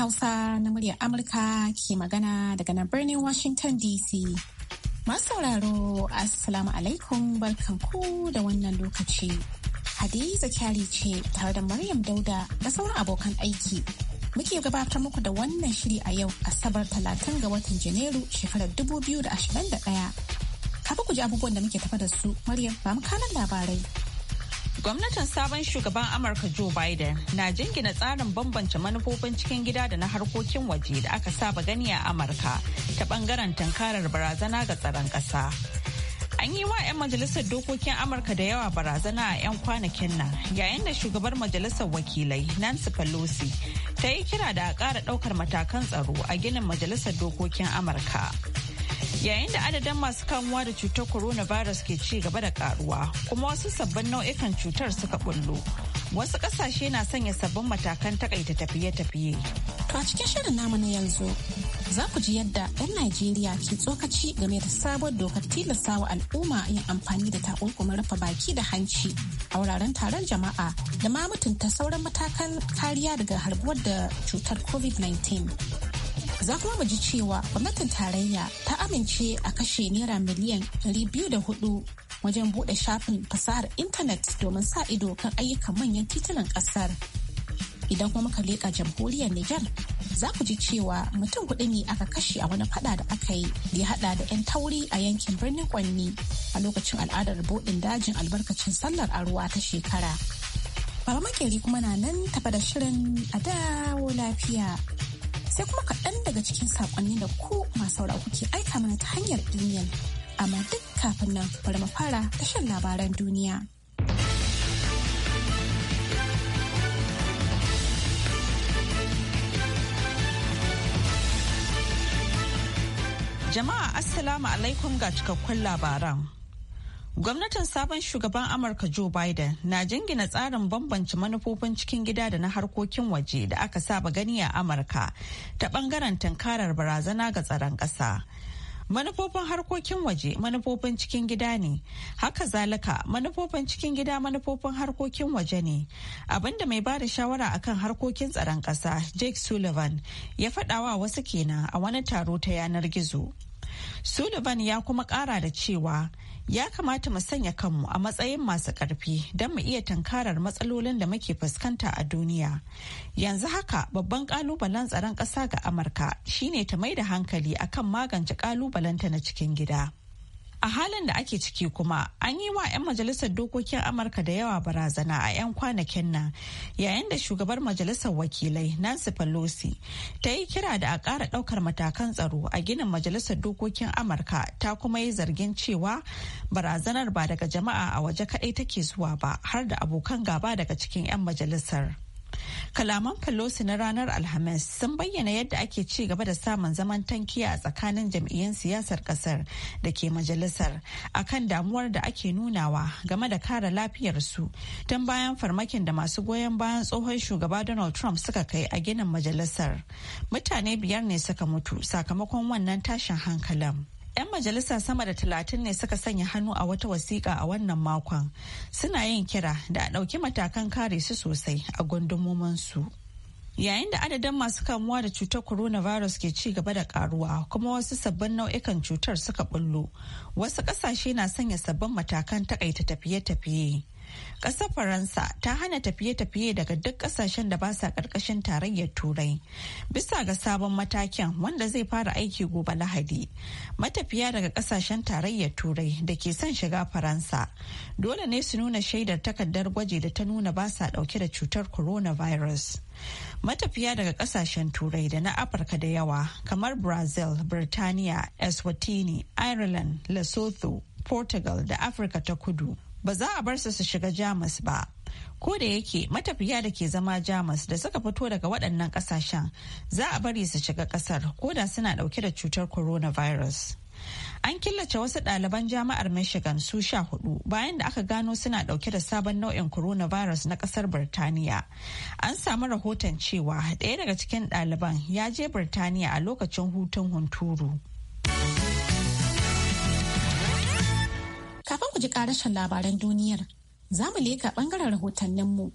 Hausa na muryar Amurka ke magana daga nan birnin Washington DC. Masu sauraro, Assalamu alaikum barkanku da wannan lokaci. Hadiza Kyari ce tare da Maryam Dauda da sauran abokan aiki. Muke gabatar muku da wannan shiri a yau Asabar 30 ga watan Janairu shekarar 2021. Kafa ku ji abubuwan da muke tafa da su, Maryam ba mu kanan labarai. Gwamnatin sabon shugaban Amurka Joe Biden na jingina tsarin bambance manufofin cikin gida da na harkokin waje da aka saba gani a Amurka ta bangaren tankarar barazana ga tsaron ƙasa. An yi wa 'yan majalisar dokokin Amurka da yawa barazana a 'yan kwanakin nan yayin da shugabar majalisar wakilai Nancy Pelosi ta yi kira da a ƙara ɗaukar matakan tsaro a ginin majalisar dokokin Amurka. yayin da adadin masu kamuwa da cutar coronavirus ke ci gaba da karuwa kuma wasu sabbin nau'ikan cutar suka bullo wasu kasashe na sanya sabbin matakan takaita tafiye-tafiye to a cikin shirin namu na yanzu za ku ji yadda 'yan najeriya ke tsokaci game da sabon dokar tilasta wa al'umma yin amfani da takunkumin rufe baki da hanci a wuraren taron jama'a da ma mutunta sauran matakan kariya daga harbuwar da cutar covid-19 Za kuma mu ji cewa gwamnatin tarayya ta amince a kashe naira miliyan 204 wajen bude shafin fasahar intanet domin sa ido kan ayyukan manyan titunan kasar Idan kuma muka leƙa jamhuriyar niger za ku ji cewa mutum kuɗi ne aka kashe a wani fada da aka yi da ya haɗa da 'yan tauri a yankin birnin Kwanni a lokacin al'adar buɗin dajin albarkacin sallar aruwa ta shekara. Baba makeri kuma na nan tafa da shirin a dawo lafiya sai kuma kaɗan daga cikin saƙonni da ku masu kuke aika mana ta hanyar imel. Amma duk kafin nan bari mu fara da labaran duniya. Jama'a Assalamu alaikum ga cikakkun labaran. Gwamnatin sabon shugaban Amurka Joe Biden na jingina tsarin bambanci manufofin cikin gida da na harkokin waje da aka saba gani a Amurka ta bangaren tankarar barazana ga tsaron ƙasa. Manufofin harkokin waje manufofin cikin gida ne, haka zalika manufofin cikin gida manufofin harkokin waje ne. Abinda mai ba da shawara akan harkokin tsaron ƙasa Jake Sullivan ya faɗawa wasu kenan a wani taro ta yanar gizo. Sullivan ya kuma ƙara da cewa ya kamata mu sanya kanmu a matsayin masu ƙarfi don mu iya tankarar matsalolin da muke fuskanta a duniya yanzu haka babban ƙalubalen tsaron ƙasa ga amurka shine ta mai da hankali akan magance ƙalubalenta na cikin gida a halin da ake ciki kuma an yi wa 'yan majalisar dokokin amurka da yawa barazana a 'yan kwanakin nan yayin da shugabar majalisar wakilai nancy pelosi ta yi kira da a ƙara ɗaukar matakan tsaro a ginin majalisar dokokin amurka ta kuma yi zargin cewa barazanar ba daga jama'a a waje kaɗai take zuwa ba har da abokan gaba daga cikin 'yan majalisar. Kalaman Pelosi na ranar Alhamis sun bayyana yadda ake ci gaba da samun zaman tankiya a tsakanin jam'iyyun siyasar kasar da ke majalisar akan damuwar da ake nunawa game da kare lafiyarsu tun bayan farmakin da masu goyon bayan tsohon shugaba Donald Trump suka kai a ginin majalisar. Mutane biyar ne suka mutu sakamakon wannan tashin hankalin. 'Yan majalisa sama da talatin ne suka sanya hannu a wata wasiƙa a wannan makon. Suna yin kira da a ɗauki matakan kare su sosai a gundumominsu. Yayin da adadin masu kamuwa da cutar coronavirus ke ci gaba da karuwa kuma wasu sabbin nau'ikan cutar suka bullo, wasu ƙasashe na sanya sabbin matakan taƙaita tafiye-tafiye. Ƙasar Faransa ta hana tafiye-tafiye daga duk ƙasashen da ba sa ƙarƙashin tarayyar Turai. Bisa ga sabon matakin wanda zai fara aiki gobe Lahadi, matafiya daga ƙasashen tarayyar Turai da ke son shiga Faransa dole ne su nuna shaidar takardar gwaji da ta nuna ba sa ɗauke da cutar coronavirus. Matafiya daga ƙasashen Turai da na Afirka da yawa kamar Brazil, Birtaniya, Eswatini, Ireland, Lesotho, Portugal da Afirka ta Kudu ba za a bar su su shiga jamus ba ko da yake matafiya da ke zama jamus da suka fito daga waɗannan ƙasashen za a bari su shiga ƙasar ko da suna ɗauke da cutar coronavirus an killace wasu ɗaliban jami'ar michigan su sha hudu bayan da aka gano suna ɗauke da sabon nau'in coronavirus na ƙasar birtaniya an samu rahoton cewa ɗaya daga cikin ɗaliban ya je birtaniya a lokacin hutun hunturu. ji karashin labaran duniyar za mu leka bangaren rahotanninmu.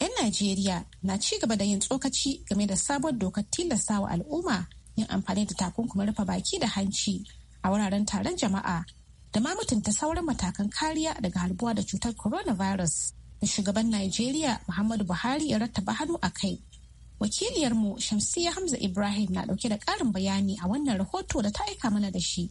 'Yan Najeriya na ci gaba da yin tsokaci game da sabuwar dokar tilasta wa al'umma yin amfani da takunkumin rufe baki da hanci a wuraren taron jama'a da ma mutunta sauran matakan kariya daga harbuwa da cutar coronavirus da shugaban Najeriya Muhammadu Buhari ya rattaba hannu a kai. Wakiliyarmu Shamsiyya Hamza Ibrahim na dauke da ƙarin bayani a wannan rahoto da ta aika mana da shi.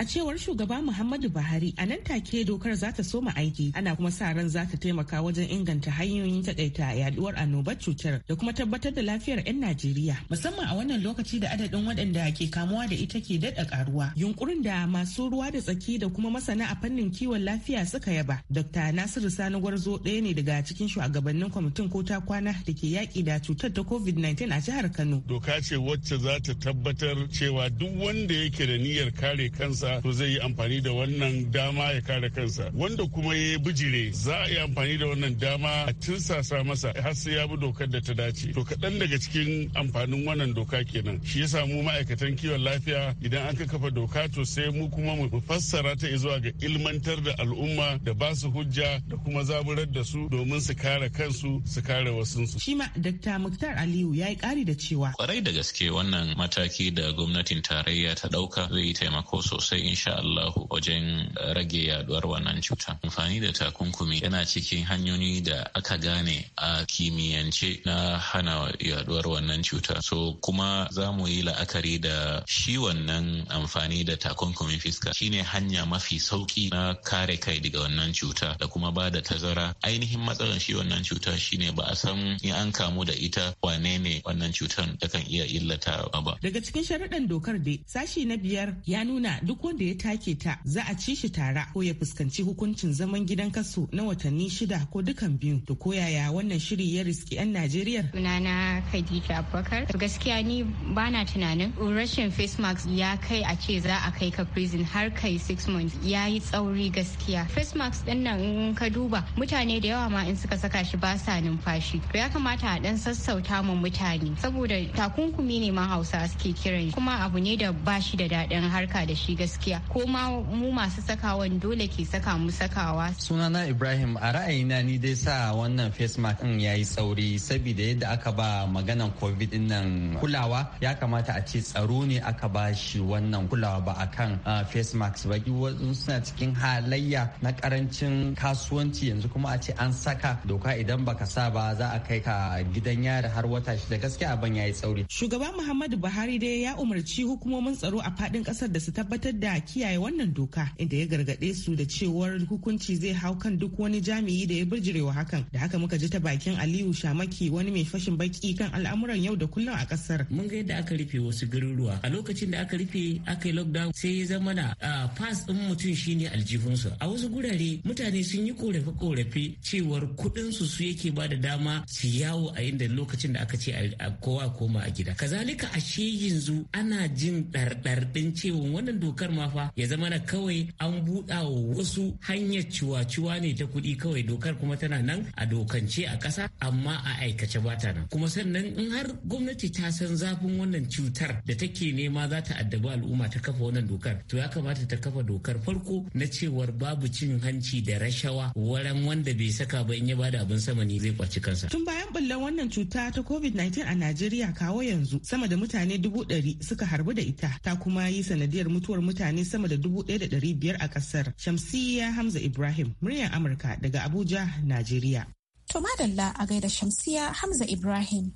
A cewar shugaba Muhammadu Buhari a nan take dokar za ta soma aiki ana kuma sa ran za ta taimaka wajen inganta hanyoyin takaita yaduwar annobar cutar da kuma tabbatar da lafiyar 'yan Najeriya musamman a wannan lokaci da adadin waɗanda ke kamuwa da ita ke daɗa karuwa. Yunkurin da masu ruwa da tsaki da kuma masana a fannin kiwon lafiya suka yaba. Dr. Nasiru Sani Gwarzo ɗaya ne daga cikin shugabannin kwamitin ko ta kwana da ke yaƙi da cutar ta COVID-19 a jihar Kano. Doka ce wacce za ta tabbatar cewa duk wanda yake da niyyar kare kansa to zai yi amfani da wannan dama ya kare kansa wanda kuma ya bijire za a yi amfani da wannan dama a tinsasa masa har sai ya bi dokar da ta dace to kaɗan daga cikin amfanin wannan doka kenan shi ya samu ma'aikatan kiwon lafiya idan aka kafa doka to sai mu kuma mu fassara ta zuwa ga ilmantar da al'umma da ba su hujja da kuma zaburar da su domin su kare kansu su kare wasunsu. shi ma dakta muktar aliyu ya yi ƙari da cewa kwarai da gaske wannan mataki da gwamnatin tarayya ta dauka zai yi taimako sosai sosai insha Allah wajen rage yaduwar wannan cuta. Amfani da takunkumi yana cikin hanyoyi da aka gane a kimiyyance na hana yaduwar wannan cuta. So kuma za mu yi la'akari da shi wannan amfani da takunkumin fiska shine hanya mafi sauki na kare kai daga wannan cuta da kuma ba da tazara. Ainihin matsalar shi wannan cuta shine ba a san in an kamu da ita wane ne wannan cutar da kan iya illata ba. Daga cikin sharaɗan dokar dai sashi na biyar ya nuna duk da ya take ta za a ci shi tara ko ya fuskanci hukuncin zaman gidan kaso na watanni shida ko dukan biyu to ko yaya wannan shiri ya riski 'yan Najeriya. Sunana Khadija Abubakar. Gaskiya ni bana tunanin rashin face mask ya kai a ce za a kai ka prison har kai six months ya yi tsauri gaskiya. Face mask din nan in ka duba mutane da yawa ma in suka saka shi ba sa numfashi. To ya kamata a dan sassauta mu mutane saboda takunkumi ne ma Hausa suke kiran kuma abu ne da ba shi da daɗin harka da shi gaskiya. gaskiya ko ma mu masu sakawan dole ke saka mu sakawa sunana ibrahim a ra'ayina ni dai sa wannan face mask din yayi tsauri saboda yadda aka ba maganan covid din nan kulawa ya kamata a ce tsaro ne aka ba shi wannan kulawa ba a kan face mask ba suna cikin halayya na karancin kasuwanci yanzu kuma a ce an saka doka idan baka sa ba za a kai ka gidan yari har wata shida gaskiya abin yi tsauri shugaba muhammadu buhari dai ya umarci hukumomin tsaro a faɗin ƙasar da su tabbatar da kiyaye wannan doka inda ya gargaɗe su da cewar hukunci zai hau kan duk wani jami'i da ya birjirewa hakan da haka muka ji ta bakin aliyu shamaki wani mai fashin baki kan al'amuran yau da kullum a kasar mun ga yadda aka rufe wasu garuruwa a lokacin da aka rufe aka yi lockdown sai ya zama na pass din mutum shine aljihunsa a wasu gurare mutane sun yi korafe korafe cewar kuɗinsu su su yake ba da dama su yawo a inda lokacin da aka ce a kowa koma a gida kazalika ashe yanzu ana jin ɗarɗarɗin cewa wannan dokar kasar ma fa ya zama na kawai an buɗa wasu hanyar ciwa-ciwa ne ta kuɗi kawai dokar kuma tana nan a dokance a ƙasa amma a aikace ba ta nan kuma sannan in har gwamnati ta san zafin wannan cutar da take nema za ta addabi al'umma ta kafa wannan dokar to ya kamata ta kafa dokar farko na cewar babu cin hanci da rashawa waran wanda bai saka ba in ya bada abin sama ne zai kwaci kansa tun bayan ballan wannan cuta ta covid-19 a Najeriya kawo yanzu sama da mutane dubu ɗari suka harbu da ita ta kuma yi sanadiyar mutuwar mutane mutane sama da dubu ɗaya da ɗari biyar a ƙasar. Shamsiyya Hamza Ibrahim, muryar Amurka daga Abuja, Najeriya. To madalla a gaida shamsiya Hamza Ibrahim.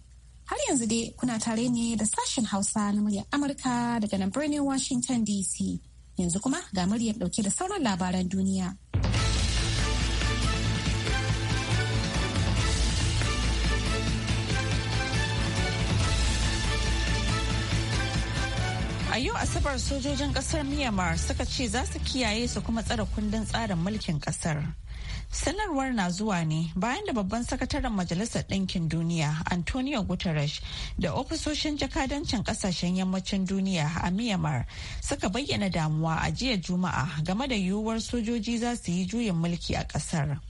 Har yanzu dai kuna tare ne da sashen Hausa na muryar Amurka daga nan birnin Washington DC. Yanzu kuma ga muryar ɗauke da sauran labaran duniya. A yau Asabar sojojin kasar Myanmar suka ce za su kiyaye su kuma tsare kundin tsarin mulkin kasar. Sanarwar na zuwa ne bayan da babban sakataren Majalisar Ɗinkin Duniya Antonio Guterres da ofisoshin jakadancin kasashen yammacin duniya a Myanmar suka bayyana damuwa a jiya Juma'a game da yiwuwar sojoji za su yi juyin mulki a ƙasar.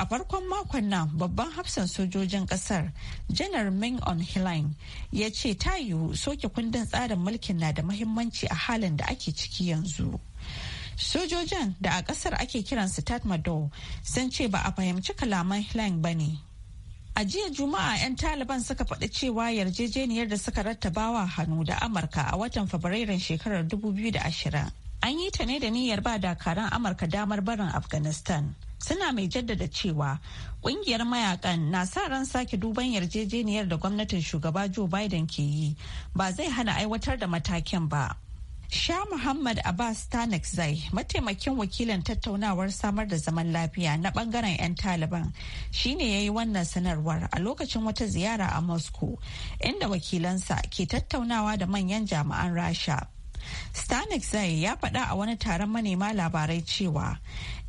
A farkon makon nan babban hafsan sojojin kasar janar Ming on Hilain ya ce ta yiwu soke kundin tsarin mulkin na da mahimmanci a halin da ake ciki yanzu. Sojojin da a kasar ake kiran su Tatmadaw sun ce ba a fahimci kalaman Hilain ba ne. A jiya Juma'a 'yan Taliban suka faɗi cewa yarjejeniyar da suka rattabawa hannu da Amurka a watan Fabrairun shekarar 2020. An yi ta ne da niyyar ba dakaran Amurka damar barin Afghanistan. suna mai jaddada cewa kungiyar mayakan na sa ran sake duban yarjejeniyar da gwamnatin shugaba joe biden ke yi ba zai hana aiwatar da matakin ba Sha Muhammad Abbas Tanak Zai, mataimakin wakilin tattaunawar samar da zaman lafiya na bangaren 'yan Taliban, shine ne ya yi wannan sanarwar a lokacin wata ziyara a Moscow, inda wakilansa ke tattaunawa da manyan jami'an Rasha. stanek zai ya faɗa a wani taron manema labarai cewa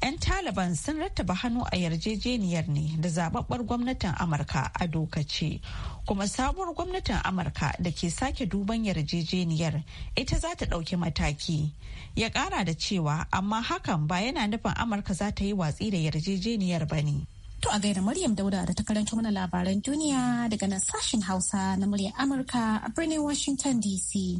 'yan taliban sun rattaba hannu a yarjejeniyar ne da zababbar gwamnatin amurka a dokace kuma sabuwar gwamnatin amurka da ke sake duban yarjejeniyar ita za ta ɗauki mataki ya ƙara da cewa amma hakan ba yana nufin amurka za ta yi watsi da yarjejeniyar ba ne To a gaida Maryam Dauda da ta karanto mana labaran duniya daga nan sashen Hausa na murya Amurka a birnin Washington DC.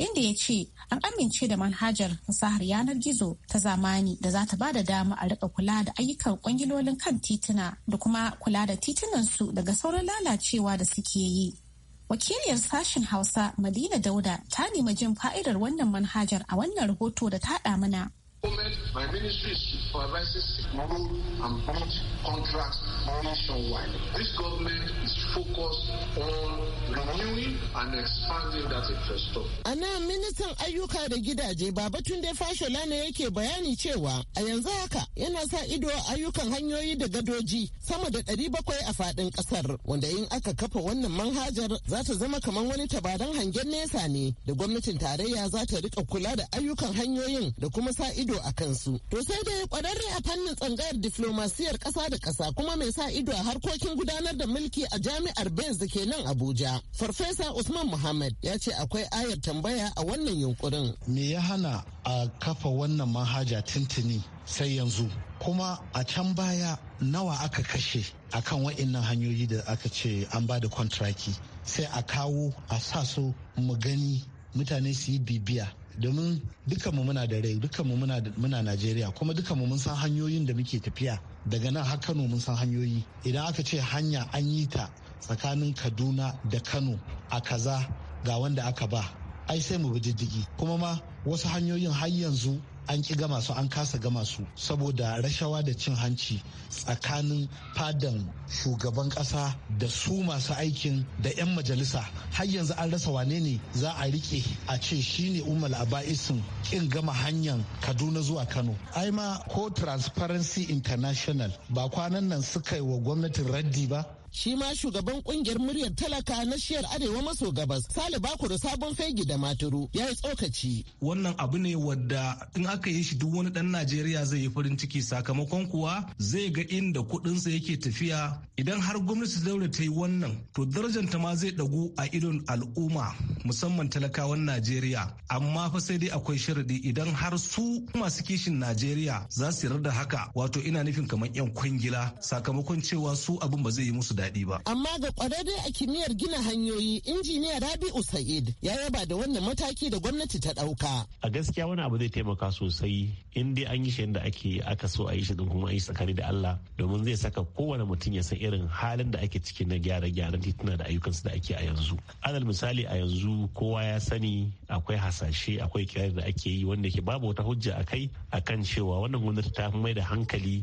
inda ya ce an amince da manhajar fasahar yanar gizo ta zamani da za ta ba da dama a rika kula da ayyukan kwangilolin kan tituna da kuma kula da titunansu daga sauran lalacewa da suke yi. Wakiliyar sashen Hausa Madina Dauda ta nemi jin fa'idar wannan manhajar a wannan rahoto da ta mana. My ministry This is focus A nan ministan ayyuka da gidaje Babatunde Fashola ne yake bayani cewa a yanzu haka yana sa ido ayyukan hanyoyi da gadoji sama da ɗari 700 a faɗin ƙasar wanda in aka kafa wannan manhajar za ta zama kamar wani tabaran hangen nesa ne da gwamnatin tarayya za ta rika kula da ayyukan hanyoyin da kuma sa ido a kansu. To sai dai kwararre a fannin tsangayar diflomasiyar ƙasa da ƙasa kuma mai sa ido a harkokin gudanar da mulki a jami'a jami'ar Benz da ke nan Abuja. Farfesa Usman Muhammad ya ce akwai ayar tambaya a wannan yunkurin. Me ya hana a kafa wannan manhaja tintini sai yanzu? Kuma a can baya nawa aka kashe akan wa'innan hanyoyi da aka ce an ba da kontraki sai a kawo a sa su mu gani mutane su yi bibiya domin mu muna da rai mu muna najeriya kuma mu mun san hanyoyin da muke tafiya daga nan har kano mun san hanyoyi idan aka ce hanya an yi ta tsakanin kaduna da kano a kaza ga wanda aka ba ai sai mu bi diddigi kuma ma wasu hanyoyin har yanzu an ki gama su an kasa gama su saboda rashawa da cin hanci tsakanin fadan shugaban kasa da su masu aikin da 'yan majalisa har yanzu an rasa wane ne za a rike a ce shine umar aba'isin kin gama hanyar kaduna zuwa kano ai ma ko transparency international ba kwanan nan suka yi wa gwamnatin raddi ba Shi ma shugaban kungiyar muryar talaka na shiyar arewa maso gabas Sale Bakuru sabon fegi da maturu ya yi tsokaci. Wannan abu ne wadda in aka yi shi duk wani dan Najeriya zai yi farin ciki sakamakon kuwa zai ga inda sa yake tafiya idan har gwamnati daura ta yi wannan to ta ma zai ɗagu a idon al'umma musamman talakawan Najeriya amma fa sai dai akwai sharadi idan har su masu kishin Najeriya za su yarda da haka wato ina nufin kamar 'yan kwangila sakamakon cewa su abin ba zai yi musu daɗi ba. Amma ga kwararre a kimiyyar gina hanyoyi injiniya Rabi'u Sa'id ya yaba da wannan mataki da gwamnati ta ɗauka. A gaskiya wani abu zai taimaka sosai in dai an yi shi yadda ake aka so a yi shi kuma a yi tsakani da Allah domin zai saka kowane mutum ya san irin halin da ake ciki na gyare-gyaren tituna da ayyukansu da ake a yanzu. Alal misali a yanzu kowa ya sani akwai hasashe akwai kirari da ake yi wanda ke babu wata hujja a kai akan cewa wannan gwamnati ta mai da hankali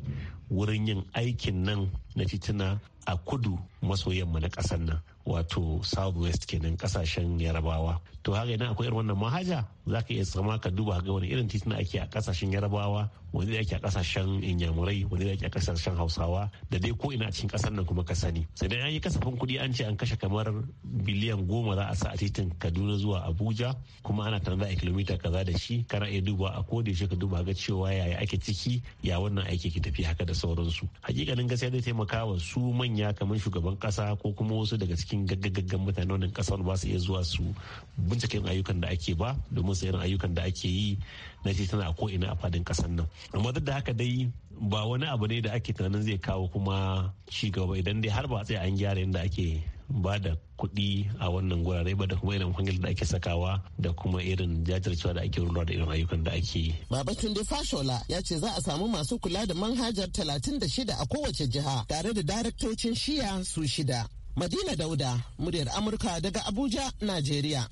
wurin yin aikin nan na tituna a kudu maso yamma na ƙasar nan wato southwest kenan kasashen yarabawa to haka yana akwai irin wannan mahaja za ka iya sama ka duba ga wani irin tituna ake a kasashen yarabawa wani ake a kasashen inyamurai wani ake a kasashen hausawa da dai ko ina a cikin kasar nan kuma ka sani sai dai an yi kasafin kuɗi an ce an kashe kamar biliyan goma za a sa a titin kaduna zuwa abuja kuma ana tare da kilomita kaza da shi kana iya duba a da yaushe ka duba ga cewa yaya ake ciki ya wannan aiki ke tafi haka da sauransu hakikanin gaskiya zai taimaka wa su manya kamar shugaban kasa ko kuma wasu daga cikin gaggagaggan mutanen kasar ba su iya zuwa su binciken ayyukan da ake ba domin musu irin ayyukan da ake yi na tana a ko'ina a fadin kasan nan amma duk da haka dai ba wani abu ne da ake tunanin zai kawo kuma ci gaba idan dai har ba tsaye an gyara yadda ake ba da kuɗi a wannan gurare ba da kuma irin kwangil da ake sakawa da kuma irin jajircewa da ake rulwa da irin ayyukan da ake yi. babatun da Fashola ya ce za a samu masu kula da manhajar 36 a kowace jiha tare da daraktocin shiya su shida. Madina Dauda, muryar Amurka daga Abuja, Najeriya.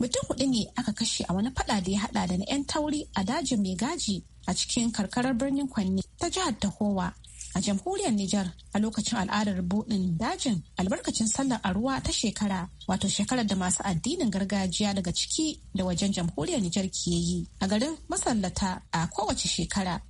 mutum hudu ne aka kashe a wani faɗa da ya haɗa da na 'yan tauri a dajin mai gaji a cikin karkarar birnin kwanne ta jihar tahowa a jamhuriyar Nijar a lokacin al'adar buɗin dajin albarkacin sallar a ruwa ta shekara wato shekarar da masu addinin gargajiya daga ciki da wajen jamhuriyar Nijar ke yi a garin masallata a kowace shekara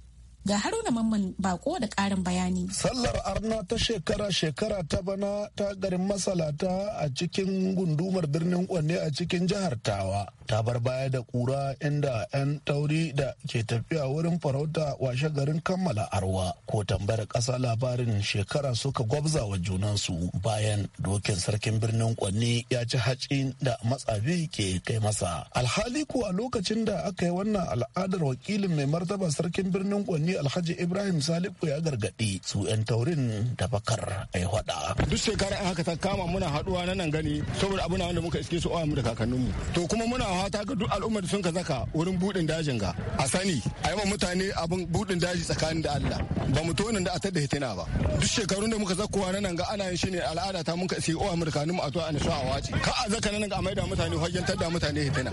ga haruna mamman bako da karin bayani sallar arna ta shekara-shekara ta bana ta garin masalata a cikin gundumar birnin kwanne a cikin jihar tawa ta bar baya da kura inda 'yan tauri da ke tafiya wurin farauta washe garin kammala arwa ko tambayar kasa labarin shekara suka gwabza wa junansu bayan dokin sarkin birnin kwanne ya ci hacin da matsabi ke kai masa alhali kuwa lokacin da aka yi wannan al'adar wakilin mai martaba sarkin birnin kwanne alhaji ibrahim salifu ya gargaɗi su 'yan taurin da bakar a yi hada duk shekara haka ta kama muna haɗuwa na nan gani saboda abu na wanda muka iske su mu da kakanninmu to kuma muna fata ga duk al'ummar sun ka zaka wurin buɗin dajin ga a sani a yi mutane abin buɗin daji tsakanin da allah ba mu tonin da a da hitina ba duk shekarun da muka zakowa na nan ga ana yin shi ne al'ada ta muka iske uwa mu da kakanninmu a to a nisho a wace ka a zaka na nan ga a da mutane hajjantar da mutane hitina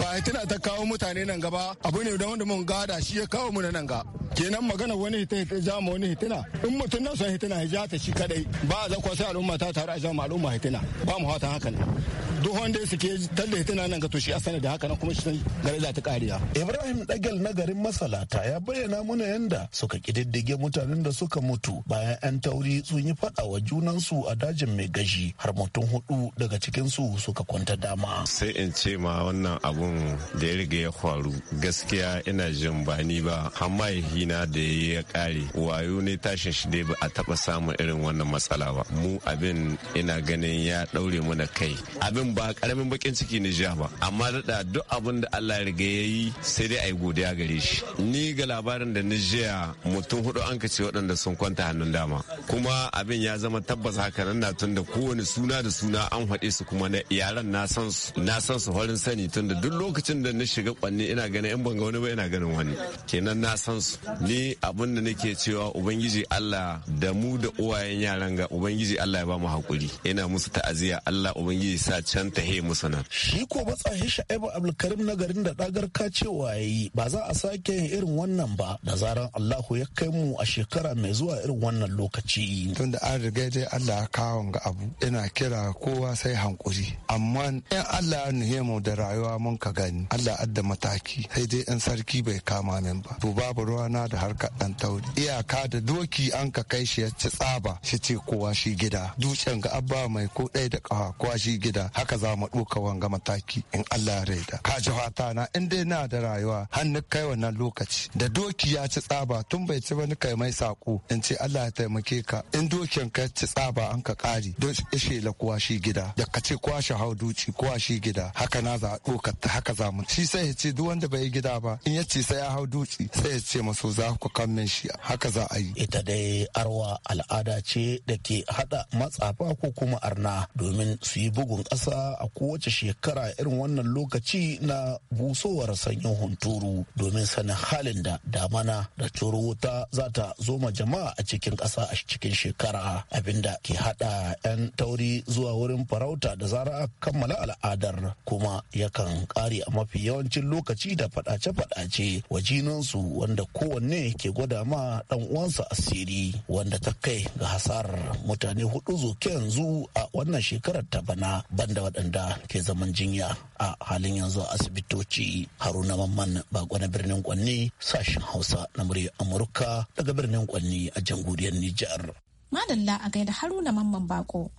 ba hitina ta kawo mutane nan gaba abu ne da wanda mun gada shi ya kawo mu nan ga kenan magana wani hita ta ja wani hitina in mutum na son hitina ya ta shi kadai ba za ku sai al'umma ta taru a ja ma al'umma hitina ba mu hata hakan duk wanda suke talla hitina nan ga to shi asali da haka nan kuma shi gare za ta kariya Ibrahim Dagal na garin Masalata ya bayyana muna yanda suka kididdige mutanen da suka mutu bayan yan tauri sun yi fada wa junansu a dajin mai gashi har mutum hudu daga cikin su suka kwanta dama sai in ce ma wannan abun da ya riga ya faru gaskiya ina jin ba ni ba amma ya karhi da ya kare wayo ne tashin shi dai ba a taba samun irin wannan matsala ba mu abin ina ganin ya daure mu kai abin ba karamin bakin ciki ne ja ba amma da duk abin da Allah ya riga ya yi sai dai ayi godiya gare shi ni ga labarin da Nijiya mutum hudu an kace waɗanda sun kwanta hannun dama kuma abin ya zama tabbas haka nan na tun da kowane suna da suna an haɗe su kuma na iyalan na san su na san su farin sani tun da duk lokacin da na shiga kwanne ina ganin in ban ga wani ba ina ganin wani kenan na san su ni abin da nake cewa ubangiji Allah da mu da uwayen yaran ga ubangiji Allah ya ba mu hakuri ina musu ta'aziya Allah ubangiji sa can ta he musu nan shi ko matsayin Sha'ibu Abdulkarim na garin da dagar ka cewa yayi ba za a sake yin irin wannan ba da zaran Allahu ya kai mu a shekara mai zuwa irin wannan lokaci tunda an riga dai Allah ya kawo ga abu ina kira kowa sai hankuri amma in Allah ya nuhe mu da rayuwa mun ka gani Allah adda mataki sai dai in sarki bai kama min ba to babu ruwa na gona da harkar ɗan tauri iyaka da doki an ka kai shi ya ci tsaba shi ce kowa shi gida dutsen ga abba mai ko ɗaya da ƙawa kowa shi gida haka za mu ɗauka wanga mataki in Allah ya raida ka ji fata na in dai na da rayuwa hannu kai wannan lokaci da doki ya ci tsaba tun bai ci wani kai mai sako in ce Allah ya taimake ka in dokin ka ci tsaba an ka ƙari don ishe la kowa shi gida da ka ce kowa shi hau duci kowa shi gida haka na za a ta haka za mu shi sai ya ce duk wanda bai gida ba in ya ce sai ya hau duci sai ya ce maso za ku kamin shi haka za a yi. Ita dai arwa al'ada ce da ke hada matsafa ko kuma arna domin su yi bugun ƙasa a kowace shekara irin wannan lokaci na busowar sanyin hunturu domin sanin halin da damana da turo wuta za ta zo ma jama'a a cikin ƙasa a cikin shekara abinda ke hada 'yan tauri zuwa wurin farauta da zara a kammala al'adar kuma yakan kare a mafi yawancin lokaci da faɗace-faɗace wa jinansu wanda kowane ne ke gwada ma dan uwansa asiri wanda ta kai ga hasarar mutane hudu zuke yanzu a wannan shekarar ta bana banda waɗanda ke zaman jinya a halin yanzu a asibitoci haruna mamman bako na birnin kwanni sashen hausa na murya amurka daga birnin kwanne a jamhuriyar nijar madalla a gaida haruna mamman bako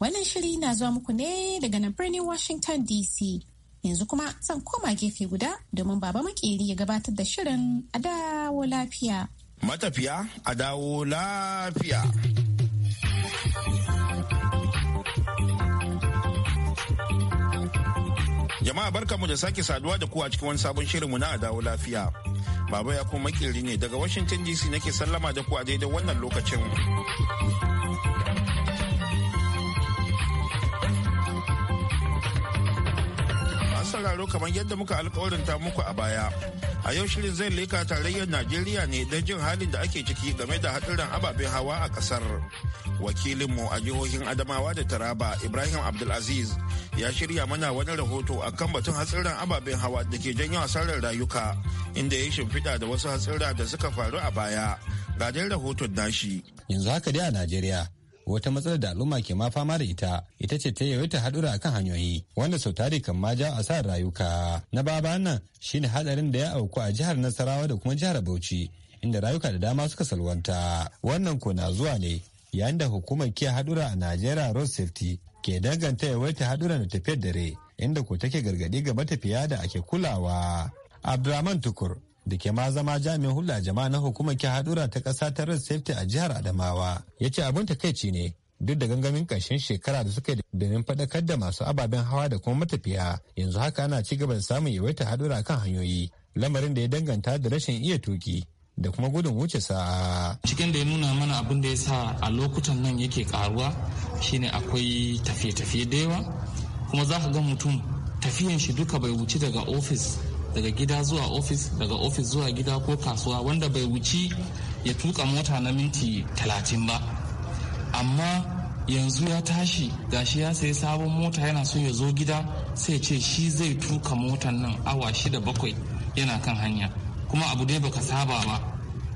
wannan shiri na zuwa muku ne daga nan birnin washington dc Yanzu kuma zan koma gefe guda domin baba makeri ya gabatar da shirin a dawo lafiya. Matafiya a dawo lafiya. Jama'a barkanmu da sake saduwa da ku cikin wani sabon shirinmu na a dawo lafiya. Baba ya kuma makeri ne daga Washington DC nake sallama da ku daidai wannan lokacin. sauraro kamar yadda muka alkawarinta muku a baya. A yau shirin zai leka tarayyar Najeriya ne don jin halin da ake ciki game da hadirin ababen hawa a kasar Wakilinmu a jihohin Adamawa da Taraba Ibrahim Abdulaziz ya shirya mana wani rahoto a kan batun hatsirin ababen hawa da ke janyo asarar rayuka inda ya shimfiɗa da wasu hatsura da suka faru a baya. Ga dai rahoton nashi. Yanzu haka dai a Najeriya wata matsalar da al'umma ke ma fama da ita ita ce ta yawaita haɗura akan hanyoyi wanda sau tari kan ma a sa rayuka na baba nan shine hadarin da ya auku a jihar nasarawa da kuma jihar bauchi inda rayuka da dama suka salwanta wannan ko na zuwa ne yayin da hukumar ke haɗura a najeriya road safety ke danganta yawaita haɗura da tafiyar dare inda ko take gargaɗi ga matafiya da ake kulawa abdulrahman tukur da ke ma zama jami'in hula jama'a na hukumar ke hadura ta ƙasa ta red safety a jihar adamawa ya ce abin takaici ne duk da gangamin ƙarshen shekara da suka yi domin faɗakar da masu ababen hawa da kuma matafiya yanzu haka ana ci gaba da samun yawaitar hadura kan hanyoyi lamarin da ya danganta da rashin iya tuki da kuma gudun wuce sa'a. Cikin da ya nuna mana abin da ya sa a lokutan nan yake karuwa shine akwai tafiye-tafiye da yawa kuma za ka ga mutum tafiyan shi duka bai wuce daga ofis daga gida zuwa ofis daga ofis zuwa gida ko kasuwa wanda bai wuci ya tuka mota na minti talatin ba amma yanzu ya tashi ga shi ya sayi sabon mota yana so ya zo gida sai ce shi zai tuka motan nan awa shida bakwai yana kan hanya kuma abu dai baka saba ba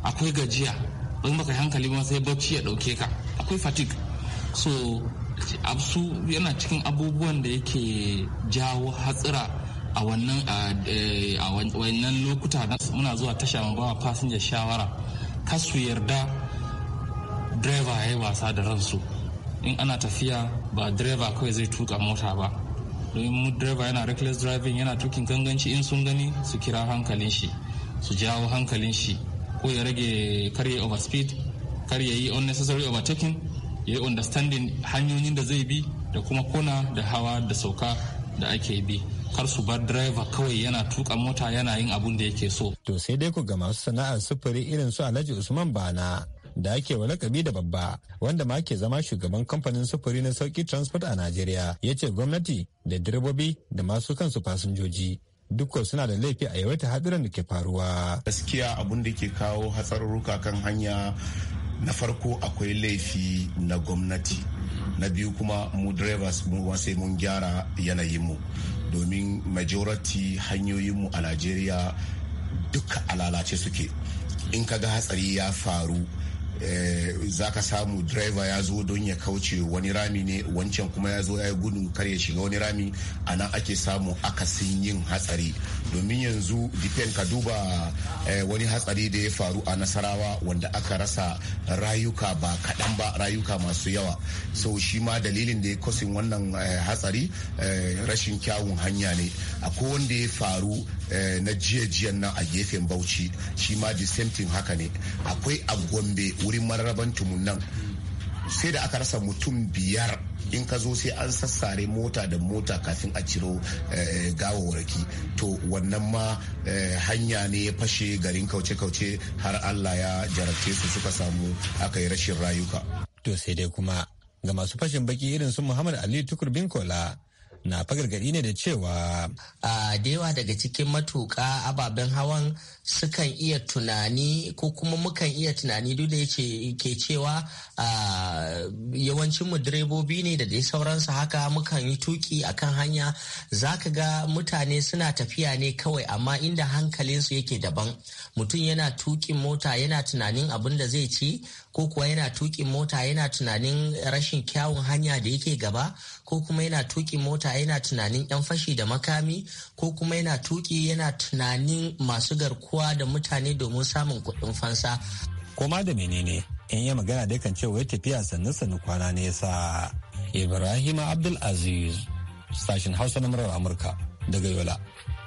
akwai gajiya don baka hankali ba sai bacci ya dauke ka akwai fatigue so absu yana cikin abubuwan da yake jawo hatsira a wannan eh, wannan lokuta muna zuwa tasha mu ba fasinja shawara kasu su yarda direba ya yi wasa da ransu in ana tafiya ba direba kawai zai tuka mota ba domin mu direba yana reckless driving yana tukin ganganci in sun gani su kira hankalin shi su jawo hankalin shi ko ya rage karye overspeed karye ya yi unnecessary overtaking ya yi understanding hanyoyin da zai bi da kuma kona da hawa da sauka da ake bi kar su bar driver kawai yana tuka mota yana yin abun da yake so. To sai dai ku ga masu sana'ar sufuri irin su Alhaji Usman Bana da ake wa lakabi da babba wanda ma ke zama shugaban kamfanin sufuri na sauki transport a Najeriya ya ce gwamnati da direbobi da masu kansu fasinjoji dukkan suna da laifi a yawaita haɗuran da ke faruwa. Gaskiya abun da ke kawo hatsarurruka kan hanya na farko akwai laifi na gwamnati na biyu kuma mu drivers mu sai mun gyara yanayinmu domin majority hanyoyinmu a najeriya duka a lalace suke in ka ga hatsari ya faru Eh, za ka samu driver ya zo don ya kauce wani rami ne wancan kuma ya zo ya yi gudun kar ya shiga wani rami a nan ake samu akasin yin hatsari domin yanzu depend ka duba eh, wani hatsari da ya faru a nasarawa wanda aka rasa rayuka ba kaɗan ba rayuka masu yawa so shi ma dalilin da ya kusin wannan eh, hatsari rashin kyawun hanya ne akwai wanda ya faru Eh, na jiya jiyan nan a gefen bauchi shi ma the same thing haka ne akwai a gombe wurin mararraban tumun nan sai da aka rasa mutum biyar in ka zo sai an sassare mota da mota kafin a ciro eh, gawawarki to wannan ma eh, hanya ne ya fashe garin kauce-kauce har allah ya jarabce su suka samu aka yi rashin rayuka to sai dai kuma ga masu fashin baki irin su muhammad ali tukur binkola na fagargari ne da cewa a da yawa daga cikin matuƙa ababen hawan sukan iya tunani ko kuma mukan iya tunani duk da yake ke cewa yawancin mu direbobi ne da dai sauransu haka mukan yi tuki akan hanya Za ka ga mutane suna tafiya ne kawai amma inda hankalinsu yake daban mutum yana tukin mota yana tunanin abin da zai ci ko kuwa yana tukin mota yana tunanin rashin kyawun hanya da yake gaba ko kuma yana tuki mota yana tunanin yan fashi da makami ko kuma yana tuki yana tunanin masu garkuwa garkuwa da mutane domin samun kuɗin fansa. Koma da menene in yi magana da kan cewa tafiya sannu sannu kwana nesa. Ibrahim Abdul Aziz sashen Hausa na murar Amurka daga Yola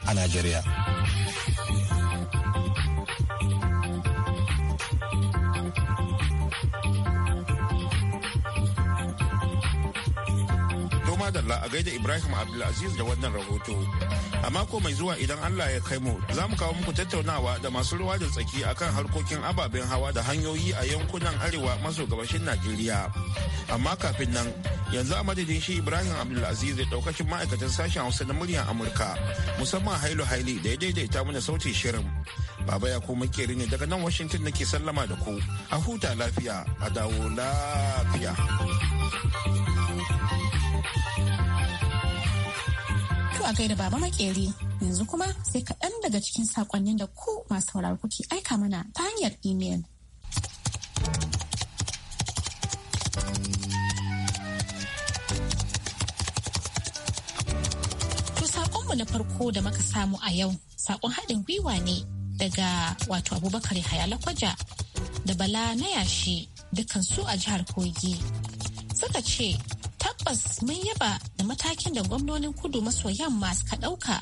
a Najeriya. madalla a gaida Ibrahim Abdulaziz da wannan rahoto. A mako mai zuwa idan Allah ya kai mu za mu kawo muku tattaunawa da masu ruwa da tsaki akan harkokin ababen hawa da hanyoyi a yankunan arewa maso gabashin Najeriya. Amma kafin nan yanzu a madadin shi Ibrahim Abdulaziz ya daukacin ma'aikatan sashen Hausa na muryar Amurka musamman Hailu Haili da ya daidaita mana sautin shirin. Baba ya ko makeri ne daga nan Washington nake sallama da ku. A huta lafiya a dawo lafiya. a gaida baba makeri yanzu kuma sai kaɗan daga cikin saƙonnin da ku masu sauraro kuke aika mana ta hanyar imel. To saƙonmu na farko da muka samu a yau saƙon haɗin gwiwa ne daga wato abubakar hayala kwaja da bala na yashi dukansu a jihar kogi suka ce tabbas mun yaba da matakin da gwamnonin kudu maso yamma suka ɗauka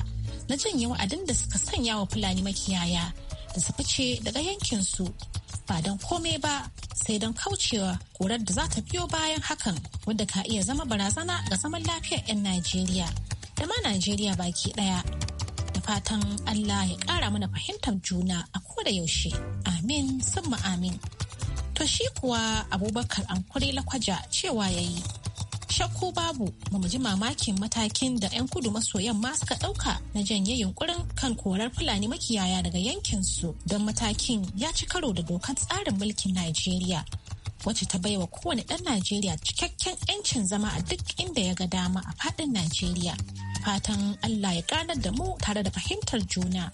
na janye wa'adin da suka sanya wa fulani makiyaya da su fice daga yankinsu ba don komai ba sai don kaucewa korar da za ta biyo bayan hakan wadda ka iya zama barazana ga zaman lafiyar 'yan najeriya da ma najeriya baki ɗaya da fatan allah ya kara mana fahimtar juna a ko da yaushe amin summa amin to shi kuwa abubakar an lakwaja cewa ya yi shakku babu ba mu ji mamakin matakin da 'yan kudu maso yamma suka ɗauka na janye yunkurin kan korar fulani makiyaya daga yankinsu don matakin ya ci karo da dokar tsarin mulkin najeriya wacce ta baiwa kowane ɗan najeriya cikakken 'yancin zama a duk inda ya ga dama a faɗin najeriya fatan allah ya ƙanar da mu tare da fahimtar juna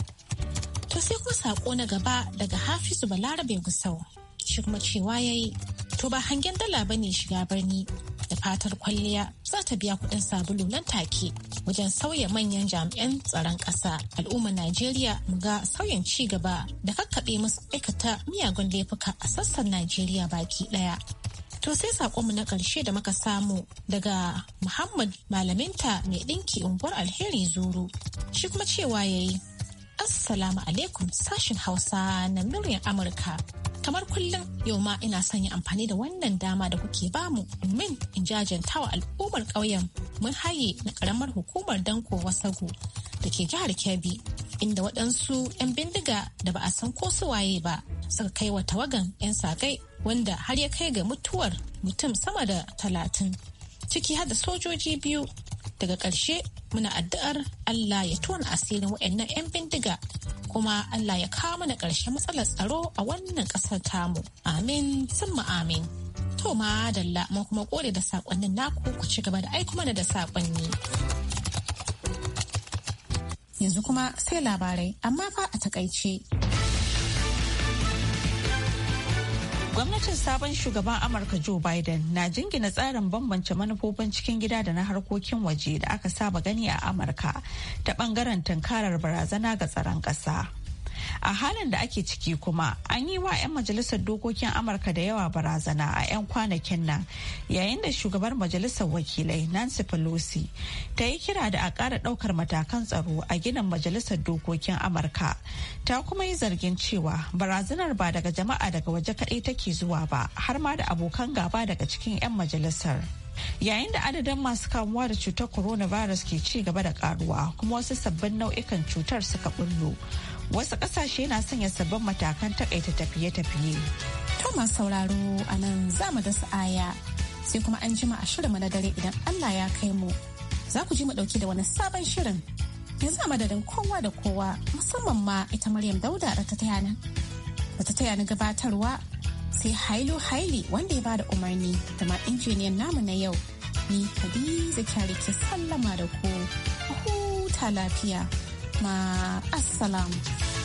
to sai kuma saƙo na gaba daga hafizu balarabe gusau shi kuma cewa ya yi to ba hangen dala ba ne shiga birni da fatar kwalliya za ta biya kudin sabulu nan take wajen sauya manyan jami'an tsaron ƙasa al'ummar najeriya mu ga sauyin ci gaba da kakkaɓe musu aikata miyagun laifuka a sassan najeriya baki ɗaya To sai saƙonmu na ƙarshe da muka samu daga Muhammad malaminta mai ɗinki unguwar alheri zuru. Shi kuma cewa yayi Assalamu alaikum sashin Hausa na muryar Amurka. kamar kullum yau ma ina son yi amfani da wannan dama da kuke bamu domin in jajanta wa al'ummar ƙauyen mun haye na ƙaramar hukumar danko wasagu da ke jihar kebbi inda waɗansu 'yan bindiga da ba a san ko su waye ba suka kai wa tawagan 'yan saƙai wanda har ya kai ga mutuwar mutum sama da talatin ciki har da sojoji biyu daga ƙarshe muna addu'ar allah ya tona asirin waɗannan 'yan bindiga kuma Allah ya kawo mana ƙarshen matsalar tsaro a wannan ƙasar tamu. Amin, sun amin. To ma dalla mun kuma kore da saƙonnin naku ku ci gaba da aiko mana da saƙonni. Yanzu kuma sai labarai amma fa a takaice. Gwamnatin sabon shugaban Amurka Joe Biden na jingina tsarin bambance manufofin cikin gida da na harkokin waje da aka saba gani a Amurka ta bangaren tunkarar barazana ga tsaron ƙasa. a halin da ake ciki kuma an yi wa 'yan majalisar dokokin amurka da yawa barazana a 'yan kwanakin nan yayin da shugabar majalisar wakilai nancy pelosi ta yi kira da a ƙara ɗaukar matakan tsaro a ginin majalisar dokokin amurka ta kuma yi zargin cewa barazanar ba daga jama'a daga waje kaɗai take zuwa ba har ma da abokan gaba daga cikin 'yan majalisar yayin da adadin masu kamuwa da cutar coronavirus ke ci gaba da karuwa kuma wasu sabbin nau'ikan cutar suka bullo wasu ƙasashe na sanya sabbin matakan takaita tafiye-tafiye. To masu sauraro a nan za mu dasa aya sai kuma an jima a shirinmu na dare idan Allah ya kai mu. Za ku ji mu ɗauki da wani sabon shirin. Yanzu a madadin kowa da kowa musamman ma ita Maryam Dauda da ta taya nan. Da ta taya gabatarwa sai hailo Haili wanda ya bada umarni da ma injiniyan namu na yau. Ni Hadiza Kyari ke sallama da ku. Huta lafiya. ma